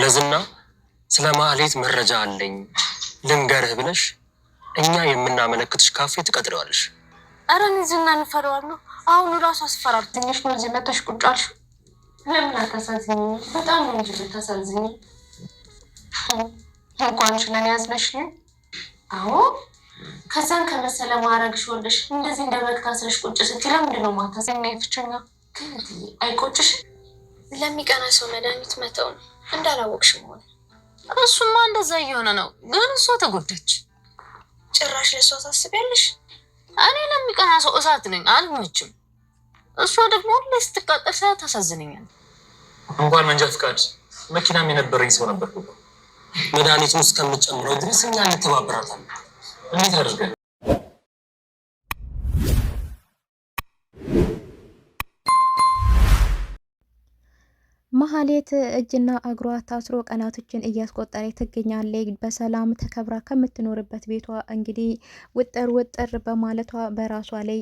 ለዝና ስለ ማህሌት መረጃ አለኝ ልንገርህ ብለሽ እኛ የምናመለክትሽ ካፌ ትቀጥረዋለሽ። ኧረ እኔ ዝና እንፈረዋለሁ። አሁኑ ራሱ አስፈራርተኝሽ ነው እዚህ መተሽ ቁጭ አልሽ። ለምን አታሳዝኝ? በጣም ነው እንጂ እንኳን ችለን አዎ ከዛን ከመሰለ ማረግሽ ወርደሽ እንደዚህ እንደ በግ ታስረሽ ቁጭ ስትይ ለምንድን ነው ማታዘኛ? አይቆጭሽ? ለሚቀና ሰው መድኃኒት መተው ነው እንዳላወቅሽ መሆን። እሱማ እንደዛ እየሆነ ነው፣ ግን እሷ ተጎዳች። ጭራሽ ለእሷ ታስቢያለሽ? እኔ ለሚቀና ሰው እሳት ነኝ፣ አልሆነችም። እሷ ደግሞ ሁሌ ስትቃጠል ሳያት ታሳዝነኛል። እንኳን መንጃ ፍቃድ መኪናም የነበረኝ ሰው ነበር። መድኃኒቱን እስከምጨምረው ድረስ እኛ እንተባበራታለን። እንዴት አድርገን ማህሌት እጅና እግሯ ታስሮ ቀናቶችን እያስቆጠረ ትገኛለች። በሰላም ተከብራ ከምትኖርበት ቤቷ እንግዲህ ውጥር ውጥር በማለቷ በራሷ ላይ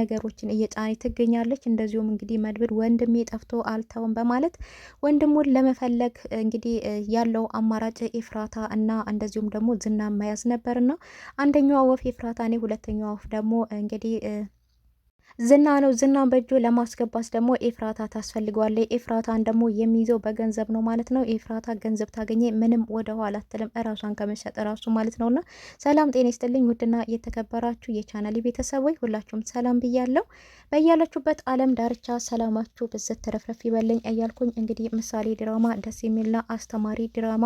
ነገሮችን እየጫነ ትገኛለች። እንደዚሁም እንግዲህ መድብል ወንድሜ ጠፍቶ አልተውም በማለት ወንድሙን ለመፈለግ እንግዲህ ያለው አማራጭ ኤፍራታ እና እንደዚሁም ደግሞ ዝና መያዝ ነበርና አንደኛዋ ወፍ ኤፍራታ ኔ ሁለተኛዋ ወፍ ደግሞ እንግዲህ ዝና ነው። ዝናን በእጁ ለማስገባት ደግሞ ኤፍራታ ታስፈልገዋለች። ኤፍራታን ደግሞ የሚይዘው በገንዘብ ነው ማለት ነው። ኤፍራታ ገንዘብ ታገኘ ምንም ወደ ኋላ አትልም፣ እራሷን ከመሸጥ እራሱ ማለት ነውና። ሰላም ጤና ይስጥልኝ ውድና የተከበራችሁ የቻናል ቤተሰቦች ሁላችሁም ሰላም ብያለሁ። በያላችሁበት አለም ዳርቻ ሰላማችሁ ብዝት ተረፍረፍ ይበለኝ እያልኩኝ እንግዲህ ምሳሌ ድራማ ደስ የሚልና አስተማሪ ድራማ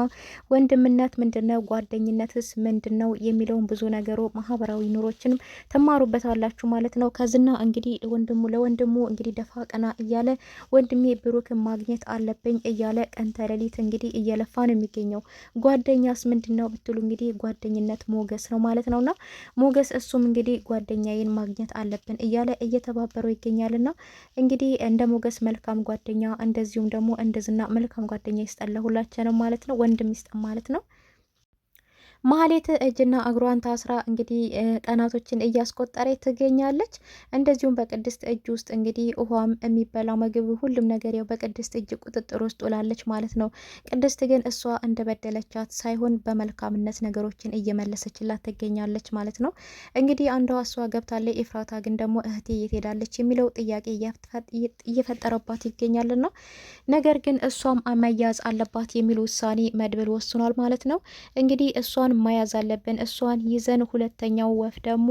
ወንድምነት ምንድነው፣ ጓደኝነትስ ምንድነው የሚለውን ብዙ ነገሮ ማህበራዊ ኑሮችንም ትማሩበታላችሁ ማለት ነው ከዝና እንግዲህ እንግዲህ ወንድሙ ለወንድሙ እንግዲህ ደፋ ቀና እያለ ወንድሜ ብሩክን ማግኘት አለብኝ እያለ ቀን ተሌሊት እንግዲህ እየለፋ ነው የሚገኘው። ጓደኛስ ምንድን ነው ብትሉ እንግዲህ ጓደኝነት ሞገስ ነው ማለት ነውና ሞገስ እሱም እንግዲህ ጓደኛዬን ማግኘት አለብን እያለ እየተባበረው ና እንግዲህ እንደ ሞገስ መልካም ጓደኛ እንደዚሁም ደግሞ እንደዝና መልካም ጓደኛ ይስጠን ለሁላችንም ማለት ነው። ወንድም ይስጠን ማለት ነው። ማህሌት እጅና እግሯን ታስራ እንግዲህ ቀናቶችን እያስቆጠረ ትገኛለች። እንደዚሁም በቅድስት እጅ ውስጥ እንግዲህ ውሃም የሚበላው ምግብ፣ ሁሉም ነገር ያው በቅድስት እጅ ቁጥጥር ውስጥ ውላለች ማለት ነው። ቅድስት ግን እሷ እንደበደለቻት ሳይሆን በመልካምነት ነገሮችን እየመለሰችላት ትገኛለች ማለት ነው። እንግዲህ አንዷ እሷ ገብታለች፣ ኤፍራታ ግን ደግሞ እህቴ የት ሄዳለች የሚለው ጥያቄ እየፈጠረባት ይገኛልና ነገር ግን እሷም መያዝ አለባት የሚል ውሳኔ መድብል ወስኗል ማለት ነው። እንግዲህ እሷን እሷን መያዝ አለብን። እሷን ይዘን ሁለተኛው ወፍ ደግሞ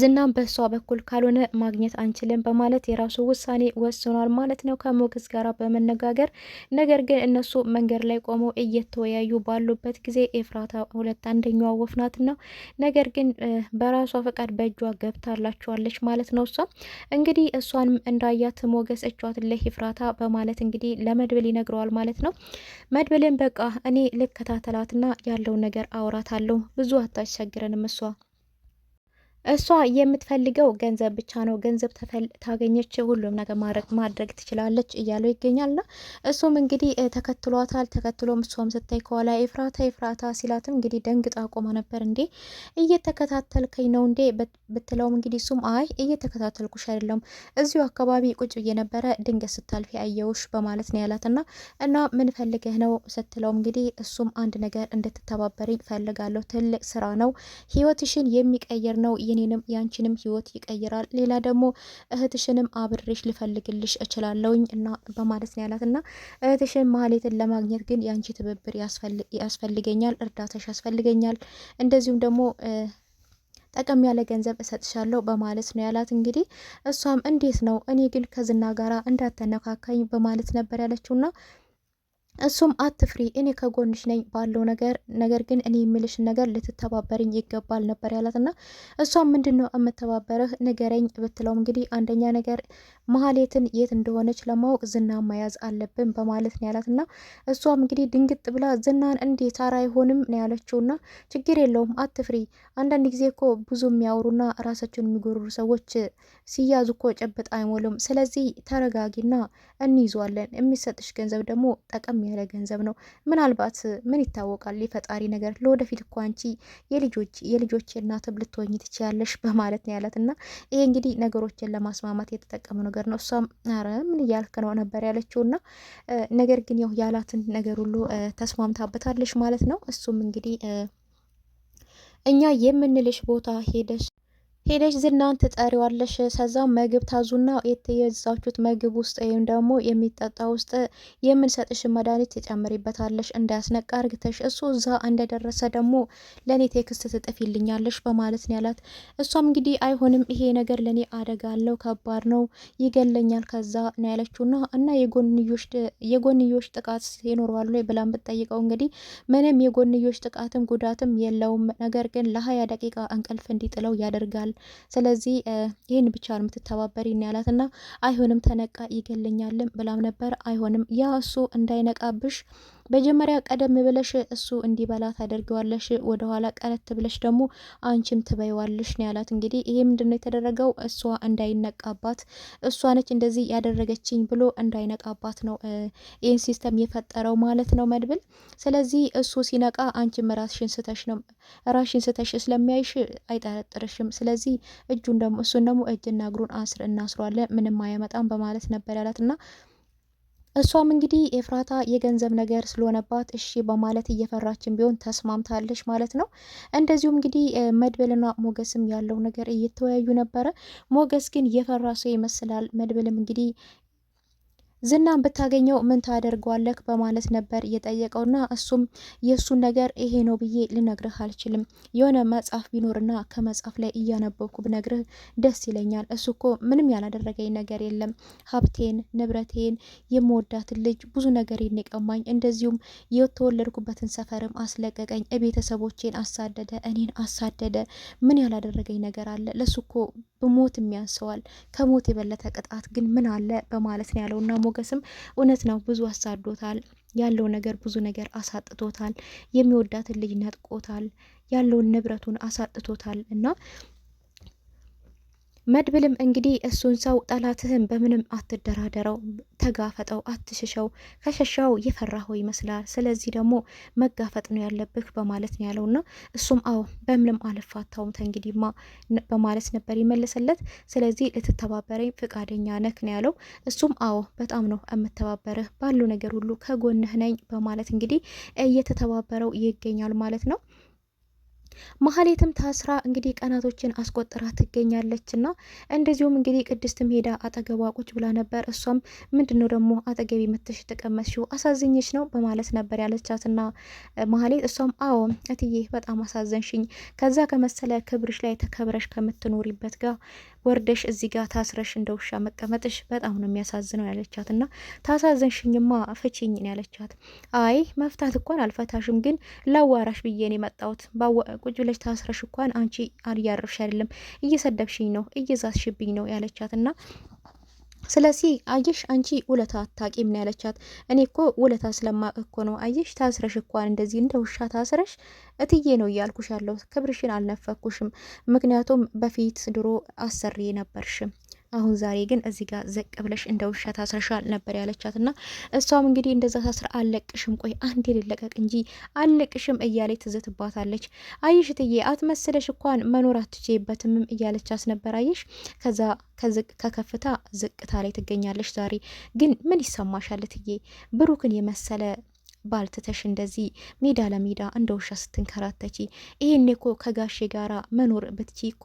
ዝናም በእሷ በኩል ካልሆነ ማግኘት አንችልም በማለት የራሱ ውሳኔ ወስኗል ማለት ነው ከሞገስ ጋር በመነጋገር ነገር ግን እነሱ መንገድ ላይ ቆመው እየተወያዩ ባሉበት ጊዜ ኤፍራታ ሁለት አንደኛዋ ወፍ ነው ነገር ግን በራሷ ፈቃድ በእጇ ገብታላችኋለች ማለት ነው። እሷ እንግዲህ እሷን እንዳያት ሞገስ እጇት ለኤፍራታ በማለት እንግዲህ ለመድብል ይነግረዋል ማለት ነው። መድብልን በቃ እኔ ልከታተላትና ያለውን ነገር አውራታለሁ ብዙ አታስቸግረንም እሷ እሷ የምትፈልገው ገንዘብ ብቻ ነው። ገንዘብ ታገኘች ሁሉም ነገር ማድረግ ማድረግ ትችላለች እያለው ይገኛልና እሱም እንግዲህ ተከትሏታል። ተከትሎም እሷም ስታይ ከኋላ ኤፍራታ ኤፍራታ ሲላትም እንግዲህ ደንግጣ ቆማ ነበር። እንዴ እየተከታተልከኝ ነው እንዴ ብትለውም እንግዲህ እሱም አይ እየተከታተልኩሽ አይደለም እዚሁ አካባቢ ቁጭ ብዬ ነበረ ድንገት ስታልፊ አየውሽ በማለት ነው ና እና ምን ፈልገህ ነው ስትለውም እንግዲህ እሱም አንድ ነገር እንድትተባበሪ ፈልጋለሁ። ትልቅ ስራ ነው፣ ህይወትሽን የሚቀይር ነው የኔንም ያንቺንም ህይወት ይቀይራል። ሌላ ደግሞ እህትሽንም አብሬሽ ልፈልግልሽ እችላለውኝ እና በማለት ነው ያላት እና እህትሽን ማህሌትን ለማግኘት ግን ያንቺ ትብብር ያስፈልገኛል፣ እርዳታሽ ያስፈልገኛል። እንደዚሁም ደግሞ ጠቀም ያለ ገንዘብ እሰጥሻለሁ በማለት ነው ያላት። እንግዲህ እሷም እንዴት ነው እኔ ግን ከዝና ጋራ እንዳተነካካኝ በማለት ነበር ያለችውና እሱም አትፍሪ፣ እኔ ከጎንሽ ነኝ ባለው ነገር ነገር ግን እኔ የሚልሽን ነገር ልትተባበርኝ ይገባል ነበር ያላትና እሷም ምንድን ነው የምተባበርህ ንገረኝ ብትለውም እንግዲህ አንደኛ ነገር መሀሌትን የት እንደሆነች ለማወቅ ዝና መያዝ አለብን በማለት ነው ያላትና እሷም እንግዲህ ድንግጥ ብላ ዝናን እንዴ ታራ አይሆንም ነው ያለችውና ችግር የለውም አትፍሪ፣ አንዳንድ ጊዜ እኮ ብዙ የሚያወሩና ራሳቸውን የሚጎርሩ ሰዎች ሲያዙ እኮ ጨብጥ አይሞሉም። ስለዚህ ተረጋጊና እንይዟለን። የሚሰጥሽ ገንዘብ ደግሞ ጠቀም ያለ ገንዘብ ነው። ምናልባት ምን ይታወቃል የፈጣሪ ነገር። ለወደፊት እኮ አንቺ የልጆች የልጆች እናትም ልትሆኝ ትችያለሽ በማለት ነው ያላት እና ይሄ እንግዲህ ነገሮችን ለማስማማት የተጠቀመ ነገር ነው። እሷም ኧረ ምን እያልክ ነው ነበር ያለችው እና ነገር ግን ያው ያላትን ነገር ሁሉ ተስማምታበታለሽ ማለት ነው። እሱም እንግዲህ እኛ የምንልሽ ቦታ ሄደሽ ሄደሽ ዝናን ትጠሪዋለሽ። ከዛ ምግብ ታዙና የተየዛችሁት ምግብ ውስጥ ወይም ደግሞ የሚጠጣ ውስጥ የምንሰጥሽ መድኃኒት ትጨምሪበታለሽ፣ እንዳያስነቃ አርግተሽ እሱ እዛ እንደደረሰ ደግሞ ለእኔ ቴክስት ትጥፊልኛለሽ በማለት ነው ያላት። እሷም እንግዲህ አይሆንም፣ ይሄ ነገር ለእኔ አደጋ አለው፣ ከባድ ነው፣ ይገለኛል ከዛ ነው ያለችውና እና የጎንዮሽ ጥቃት ይኖረዋል ወይ ብላን ብትጠይቀው እንግዲህ ምንም የጎንዮሽ ጥቃትም ጉዳትም የለውም፣ ነገር ግን ለሀያ ደቂቃ እንቅልፍ እንዲጥለው ያደርጋል ስለዚህ ይህን ብቻ ነው የምትተባበሪን ያላትና አይሆንም ተነቃ ይገለኛልም ብላም ነበር። አይሆንም ያ እሱ እንዳይነቃብሽ መጀመሪያ ቀደም ብለሽ እሱ እንዲበላ ታደርገዋለሽ፣ ወደኋላ ቀረት ብለሽ ደግሞ አንቺም ትበይዋለሽ ነው ያላት። እንግዲህ ይሄ ምንድን ነው የተደረገው? እሷ እንዳይነቃባት እሷ ነች እንደዚህ ያደረገችኝ ብሎ እንዳይነቃባት ነው ይህን ሲስተም የፈጠረው ማለት ነው መድብል። ስለዚህ እሱ ሲነቃ አንቺም ራስሽን ስተሽ ነው ራስሽን ስተሽ ስለሚያይሽ አይጠረጥርሽም። ስለዚህ እጁን ደግሞ እሱን ደግሞ እጅና እግሩን አስር እናስሯለን ምንም አያመጣም በማለት ነበር ያላት እና እሷም እንግዲህ ኤፍራታ የገንዘብ ነገር ስለሆነባት እሺ በማለት እየፈራችን ቢሆን ተስማምታለች ማለት ነው። እንደዚሁም እንግዲህ መድብልና ሞገስም ያለው ነገር እየተወያዩ ነበረ። ሞገስ ግን የፈራ ሰው ይመስላል። መድብልም እንግዲህ ዝናን ብታገኘው ምን ታደርጓለህ በማለት ነበር የጠየቀውና እሱም የእሱን ነገር ይሄ ነው ብዬ ልነግርህ አልችልም። የሆነ መጽሐፍ ቢኖርና ከመጽሐፍ ላይ እያነበብኩ ብነግርህ ደስ ይለኛል። እሱ እኮ ምንም ያላደረገኝ ነገር የለም። ሀብቴን፣ ንብረቴን፣ የምወዳትን ልጅ፣ ብዙ ነገር ይንቀማኝ፣ እንደዚሁም የተወለድኩበትን ሰፈርም አስለቀቀኝ። ቤተሰቦቼን አሳደደ፣ እኔን አሳደደ። ምን ያላደረገኝ ነገር አለ? ለሱ እኮ ብሞት የሚያንሰዋል። ከሞት የበለጠ ቅጣት ግን ምን አለ? በማለት ነው ያለውና ሞገስም እውነት ነው ብዙ አሳዶታል። ያለው ነገር ብዙ ነገር አሳጥቶታል። የሚወዳትን ልጅ ነጥቆታል። ያለውን ንብረቱን አሳጥቶታል እና መድብልም እንግዲህ እሱን ሰው ጠላትህን በምንም አትደራደረው፣ ተጋፈጠው፣ አትሽሸው። ከሸሻው የፈራኸው ይመስላል። ስለዚህ ደግሞ መጋፈጥ ነው ያለብህ በማለት ነው ያለውና እሱም አዎ በምንም አልፋታውም ተንግዲማ በማለት ነበር ይመልስለት። ስለዚህ ልትተባበረኝ ፍቃደኛ ነክ ነው ያለው። እሱም አዎ በጣም ነው የምተባበርህ፣ ባሉ ነገር ሁሉ ከጎንህ ነኝ በማለት እንግዲህ እየተተባበረው ይገኛል ማለት ነው። መሀሌትም ታስራ እንግዲህ ቀናቶችን አስቆጥራ ትገኛለች ና እንደዚሁም እንግዲህ ቅድስትም ሄዳ አጠገቧ ቁጭ ብላ ነበር። እሷም ምንድን ነው ደግሞ አጠገቤ መተሽ የተቀመጥሽው አሳዝኝሽ ነው በማለት ነበር ያለቻት ና መሀሌት እሷም አዎ እትዬ በጣም አሳዘንሽኝ ከዛ ከመሰለ ክብርሽ ላይ ተከብረሽ ከምትኖሪበት ጋር ወርደሽ እዚህ ጋር ታስረሽ እንደ ውሻ መቀመጥሽ በጣም ነው የሚያሳዝነው ያለቻት እና ታሳዘንሽኝማ ፍቺኝን ያለቻት አይ መፍታት እንኳን አልፈታሽም ግን ላዋራሽ ብዬን የመጣሁት ቁጭ ብለሽ ታስረሽ እንኳን አንቺ አልያረፍሽ አይደለም፣ እየሰደብሽኝ ነው፣ እየዛስሽብኝ ነው ያለቻት እና ስለዚህ አየሽ አንቺ ውለታ አታቂም ነው ያለቻት። እኔ እኮ ውለታ ስለማቅ እኮ ነው አየሽ ታስረሽ እንኳን እንደዚህ እንደ ውሻ ታስረሽ እትዬ ነው እያልኩሽ ያለው ክብርሽን አልነፈኩሽም። ምክንያቱም በፊት ድሮ አሰሪ ነበርሽም አሁን ዛሬ ግን እዚህ ጋር ዘቅ ብለሽ እንደ ውሻ ታስረሻል ነበር ያለቻት እና እሷም እንግዲህ እንደዛ ታስራ አለቅሽም፣ ቆይ አንዴ ልለቀቅ እንጂ አለቅሽም እያለች ትዘትባታለች። አይሽ ትዬ አትመስለሽ እንኳን መኖር አትችይበትምም እያለቻት ነበር። አይሽ ከዛ ከዝቅ ከከፍታ ዝቅታ ላይ ትገኛለች። ዛሬ ግን ምን ይሰማሻል ትዬ ብሩክን የመሰለ ባልትተሽ እንደዚህ ሜዳ ለሜዳ እንደ ውሻ ስትንከራተች፣ ይህን እኮ ከጋሼ ጋር መኖር ብትቺ እኮ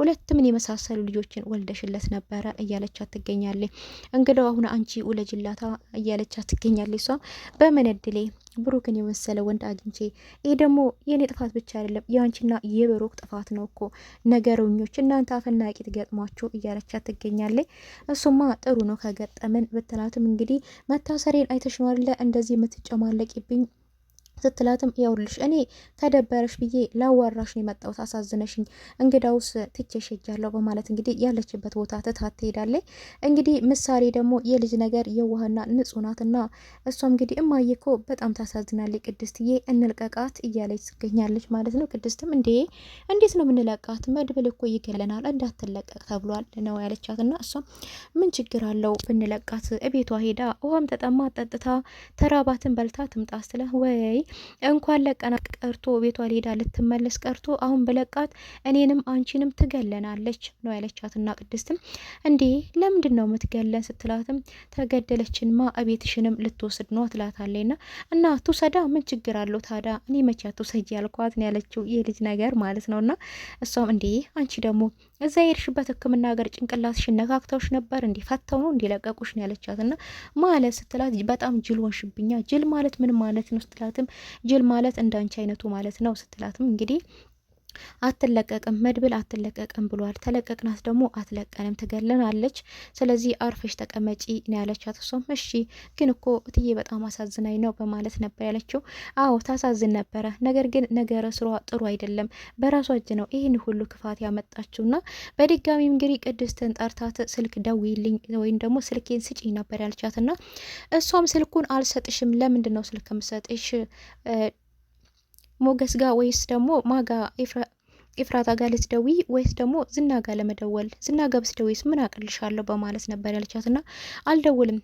ሁለትምን የመሳሰሉ ልጆችን ወልደሽለት ነበረ እያለቻት ትገኛለች። እንግዳው አሁን አንቺ ውለጅላታ እያለቻት ትገኛለች። እሷ በምን እድሌ ብሩክን የመሰለ ወንድ አግኝቼ ይህ ደግሞ የእኔ ጥፋት ብቻ አይደለም የአንቺና የብሩክ ጥፋት ነው እኮ ነገረኞች እናንተ አፈናቂ ቂጥ እያለቻ ትገኛለች። እሱማ ጥሩ ነው ከገጠመን ብትላትም እንግዲህ መታሰሬን አይተሽኗል እንደዚህ የምትጨማለቂብኝ ስትላትም ይኸውልሽ እኔ ተደበረሽ ብዬ ላዋራሽ ነው የመጣሁት፣ አሳዝነሽኝ፣ እንግዳውስ ትቼሽ ሄጃለሁ በማለት እንግዲህ ያለችበት ቦታ ትታት ትሄዳለች። እንግዲህ ምሳሌ ደግሞ የልጅ ነገር የዋህና ንጹሕ ናትና እሷም እንግዲህ እማዬ እኮ በጣም ታሳዝናለች ቅድስትዬ፣ እንልቀቃት እያለች ትገኛለች ማለት ነው። ቅድስትም እንዴ እንዴት ነው የምንለቃት? መድብል እኮ ይገለናል እንዳትለቀቅ ተብሏል ነው ያለቻትና እሷም ምን ችግር አለው ብንለቃት፣ እቤቷ ሄዳ ውሃም ተጠማ ጠጥታ ተራባትን በልታ ትምጣ ስለ ወይ እንኳን ለቀናት ቀርቶ ቤቷ ሊሄዳ ልትመለስ ቀርቶ አሁን በለቃት እኔንም አንቺንም ትገለናለች ነው ያለቻትና ቅድስትም እንዴ ለምንድን ነው የምትገለን ስትላትም ተገደለችንማ እቤትሽንም ልትወስድ ነው ትላታለች። ና እና ቱሰዳ ምን ችግር አለው ታዳ እኔ መቼ ቱሰጂ ያልኳት ያለችው የልጅ ነገር ማለት ነው። እና እሷም እንዴ አንቺ ደግሞ እዛ የሄድሽበት ሕክምና ሀገር ጭንቅላትሽ ነካክተውሽ ነበር እንዲፈተው ነው እንዲለቀቁሽ ነው ያለቻት። ና ማለት ስትላት በጣም ጅል ወንሽብኛ ጅል ማለት ምን ማለት ነው ስትላትም ጅል ማለት እንዳንቺ አይነቱ ማለት ነው ስትላትም እንግዲህ አትለቀቅም መድብል አትለቀቅም ብሏል። ተለቀቅናት ደግሞ አትለቀንም ትገለናለች። ስለዚህ አርፈሽ ተቀመጪ ነው ያለቻት። እሷም እሺ ግን እኮ እትዬ በጣም አሳዝናኝ ነው በማለት ነበር ያለችው። አዎ ታሳዝን ነበረ፣ ነገር ግን ነገረ ስሯ ጥሩ አይደለም። በራሷ እጅ ነው ይህን ሁሉ ክፋት ያመጣችውና በድጋሚ እንግዲህ ቅድስትን ጠርታት ስልክ ደውይልኝ ወይም ደግሞ ስልኬን ስጪ ነበር ያለቻትና እሷም ስልኩን አልሰጥሽም ለምንድን ነው ስልክ ምሰጥሽ ሞገስ ጋር ወይስ ደግሞ ማጋ ኤፍራታ ጋር ልትደውይ ወይስ ደግሞ ዝና ጋር ለመደወል ዝና ጋር ብትደውይስ ምን አቅልሻለሁ በማለት ነበር ያለቻት። ና አልደውልም፣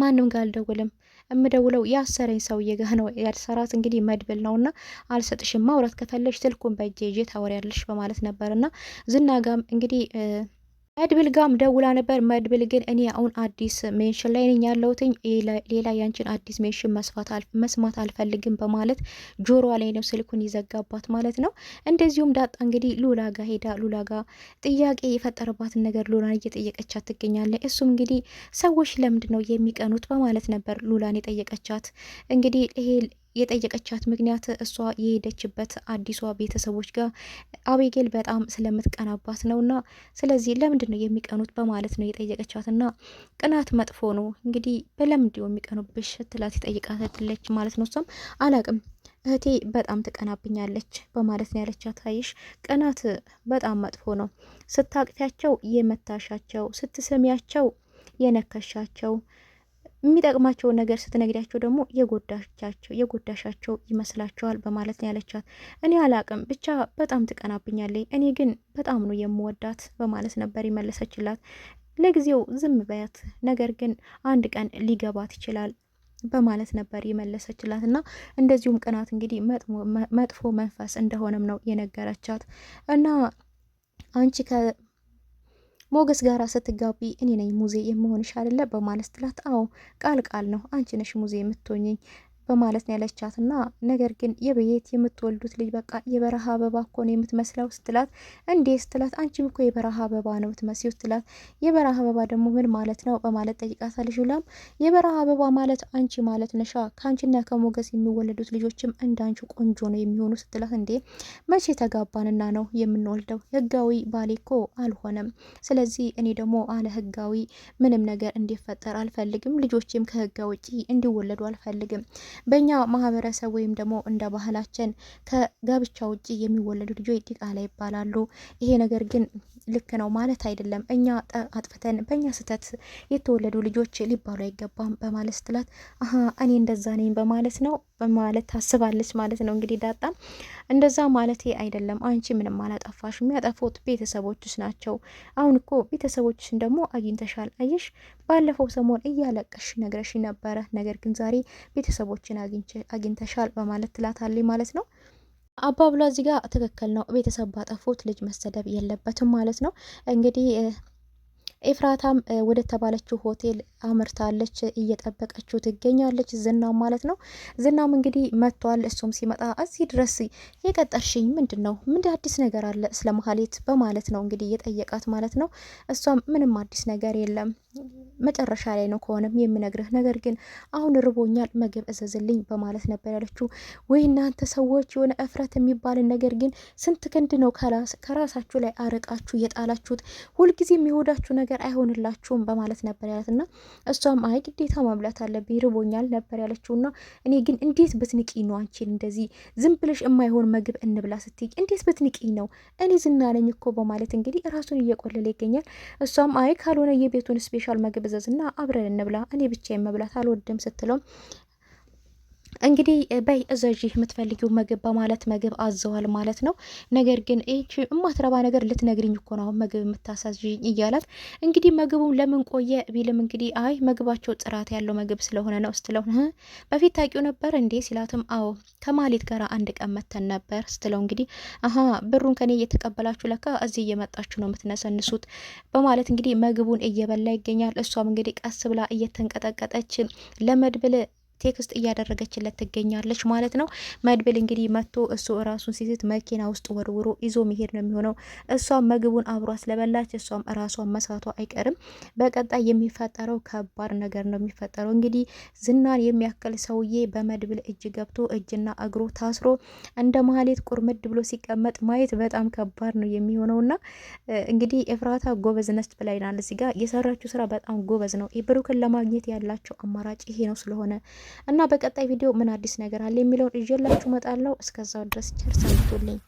ማንም ጋር አልደውልም የምደውለው የአሰረኝ ሰውዬ ጋ ነው። ያሰራት እንግዲህ መድብል ነው እና አልሰጥሽም፣ ማውራት ከፈለሽ ስልኩን በእጄ ይዤ ታወሪያለሽ በማለት ነበር እና ዝና ጋም እንግዲህ መድብል ጋም ደውላ ነበር። መድብል ግን እኔ አሁን አዲስ ሜንሽን ላይ ነኝ ያለሁትኝ ሌላ ያንችን አዲስ ሜንሽን መስማት አልፈልግም በማለት ጆሮዋ ላይ ነው ስልኩን ይዘጋባት ማለት ነው። እንደዚሁም ዳጣ እንግዲህ ሉላ ጋ ሄዳ ሉላ ጋ ጥያቄ የፈጠረባትን ነገር ሉላን እየጠየቀቻት ትገኛለች። እሱም እንግዲህ ሰዎች ለምንድን ነው የሚቀኑት በማለት ነበር ሉላን የጠየቀቻት እንግዲህ የጠየቀቻት ምክንያት እሷ የሄደችበት አዲሷ ቤተሰቦች ጋር አቤጌል በጣም ስለምትቀናባት ነውና፣ ስለዚህ ለምንድን ነው የሚቀኑት በማለት ነው የጠየቀቻትና ቅናት መጥፎ ነው እንግዲህ በለምንድ የሚቀኑብሽ ትላት የጠይቃትለች ማለት ነው። እሷም አላቅም እህቴ በጣም ትቀናብኛለች በማለት ነው ያለቻት። አይሽ ቅናት በጣም መጥፎ ነው። ስታቅፊያቸው የመታሻቸው፣ ስትስሚያቸው የነከሻቸው የሚጠቅማቸውን ነገር ስትነግዳቸው ደግሞ የጎዳቻቸው የጎዳሻቸው ይመስላቸዋል በማለት ነው ያለቻት። እኔ አላቅም ብቻ በጣም ትቀናብኛለኝ፣ እኔ ግን በጣም ነው የምወዳት በማለት ነበር የመለሰችላት። ለጊዜው ዝም በያት፣ ነገር ግን አንድ ቀን ሊገባት ይችላል በማለት ነበር የመለሰችላት እና እንደዚሁም ቅናት እንግዲህ መጥፎ መንፈስ እንደሆነም ነው የነገረቻት እና አንቺ ሞገስ ጋር ስትጋቢ እኔ ነኝ ሙዜ የመሆንሽ አይደለ? በማለት ስትላት አዎ ቃል ቃል ነው አንቺ ነሽ ሙዜ የምትሆኝኝ በማለት ነው ያለቻት እና ነገር ግን የቤት የምትወልዱት ልጅ በቃ የበረሃ አበባ እኮ ነው የምትመስለው ስትላት፣ እንዴ ስትላት፣ አንቺም እኮ የበረሃ አበባ ነው የምትመስለው ስትላት፣ የበረሃ አበባ ደግሞ ምን ማለት ነው በማለት ጠይቃታለች። ሁላም የበረሃ አበባ ማለት አንቺ ማለት ነሻ፣ ከአንቺና ከሞገስ የሚወለዱት ልጆችም አንቺ ቆንጆ ነው የሚሆኑ ስትላት፣ እንዴ መቼ ተጋባንና ነው የምንወልደው? ህጋዊ ባሌ እኮ አልሆነም። ስለዚህ እኔ ደግሞ አለ ህጋዊ ምንም ነገር እንዲፈጠር አልፈልግም። ልጆችም ከህጋ ውጪ እንዲወለዱ አልፈልግም። በእኛ ማህበረሰብ ወይም ደግሞ እንደ ባህላችን ከጋብቻ ውጭ የሚወለዱ ልጆች ዲቃላ ይባላሉ። ይሄ ነገር ግን ልክ ነው ማለት አይደለም። እኛ አጥፍተን በእኛ ስህተት የተወለዱ ልጆች ሊባሉ አይገባም በማለት ስትላት አሀ እኔ እንደዛ ነኝ በማለት ነው በማለት ታስባለች ማለት ነው። እንግዲህ ዳጣ እንደዛ ማለት አይደለም፣ አንቺ ምንም አላጠፋሽ፣ የሚያጠፉት ቤተሰቦችሽ ናቸው። አሁን እኮ ቤተሰቦችሽን ደግሞ አግኝተሻል። አየሽ፣ ባለፈው ሰሞን እያለቀሽ ነግረሽ ነበረ፣ ነገር ግን ዛሬ ቤተሰቦችን አግኝተሻል በማለት ትላታለች ማለት ነው። አባብሎ እዚህ ጋር ትክክል ነው። ቤተሰብ ባጠፉት ልጅ መሰደብ የለበትም ማለት ነው። እንግዲህ ኤፍራታም ወደ ተባለችው ሆቴል አምርታለች። እየጠበቀችው ትገኛለች ዝናም ማለት ነው። ዝናም እንግዲህ መጥቷል። እሱም ሲመጣ እዚህ ድረስ የቀጠርሽኝ ምንድን ነው? ምንድ አዲስ ነገር አለ ስለ መሀሌት በማለት ነው እንግዲህ የጠየቃት ማለት ነው። እሷም ምንም አዲስ ነገር የለም መጨረሻ ላይ ነው ከሆነም የምነግርህ ነገር ግን አሁን ርቦኛል፣ ምግብ እዘዝልኝ በማለት ነበር ያለችው። ወይ እናንተ ሰዎች የሆነ እፍረት የሚባልን ነገር ግን ስንት ክንድ ነው ከራሳችሁ ላይ አርቃችሁ የጣላችሁት? ሁልጊዜ የሚወዳችሁ ነገር ነገር አይሆንላችሁም በማለት ነበር ያላት እና እሷም አይ ግዴታ ማብላት አለብኝ ርቦኛል ነበር ያለችው እና እኔ ግን እንዴት ብትንቂ ነው አንቺን እንደዚህ ዝም ብለሽ የማይሆን ምግብ እንብላ ስትይ እንዴት ብትንቂ ነው እኔ ዝና ነኝ እኮ በማለት እንግዲህ ራሱን እየቆለለ ይገኛል። እሷም አይ ካልሆነ የቤቱን ስፔሻል ምግብ እዘዝና አብረን እንብላ እኔ ብቻ መብላት አልወድም ስትለውም እንግዲህ በይ እዘዥ የምትፈልጊው ምግብ በማለት ምግብ አዘዋል ማለት ነው። ነገር ግን ይቺ እማትረባ ነገር ልትነግርኝ እኮ ነው ምግብ የምታሳዥኝ እያላት እንግዲህ ምግቡም ለምን ቆየ ቢልም እንግዲህ አይ ምግባቸው ጥራት ያለው ምግብ ስለሆነ ነው ስትለው በፊት ታውቂው ነበር እንዴ ሲላትም አዎ ከማሌት ጋር አንድ ቀን መተን ነበር ስትለው እንግዲህ አሀ ብሩን ከኔ እየተቀበላችሁ ለካ እዚህ እየመጣችሁ ነው የምትነሰንሱት በማለት እንግዲህ ምግቡን እየበላ ይገኛል። እሷም እንግዲህ ቀስ ብላ እየተንቀጠቀጠች ለመድብል ቴክስት እያደረገችለት ትገኛለች ማለት ነው። መድብል እንግዲህ መጥቶ እሱ እራሱን ሲስት መኪና ውስጥ ወርውሮ ይዞ መሄድ ነው የሚሆነው። እሷም ምግቡን አብሯ ስለበላች እሷም እራሷን መስራቷ አይቀርም። በቀጣይ የሚፈጠረው ከባድ ነገር ነው የሚፈጠረው። እንግዲህ ዝናን የሚያክል ሰውዬ በመድብል እጅ ገብቶ እጅና እግሩ ታስሮ እንደ ማህሌት ቁርምድ ብሎ ሲቀመጥ ማየት በጣም ከባድ ነው የሚሆነውና እንግዲህ ኤፍራታ ጎበዝ ነች ብላይናል። እዚህ ጋር የሰራችው ስራ በጣም ጎበዝ ነው። ብሩክን ለማግኘት ያላቸው አማራጭ ይሄ ነው ስለሆነ እና በቀጣይ ቪዲዮ ምን አዲስ ነገር አለ የሚለውን ይዤላችሁ እመጣለሁ። እስከዛው ድረስ ቸር ሰንብቱልኝ።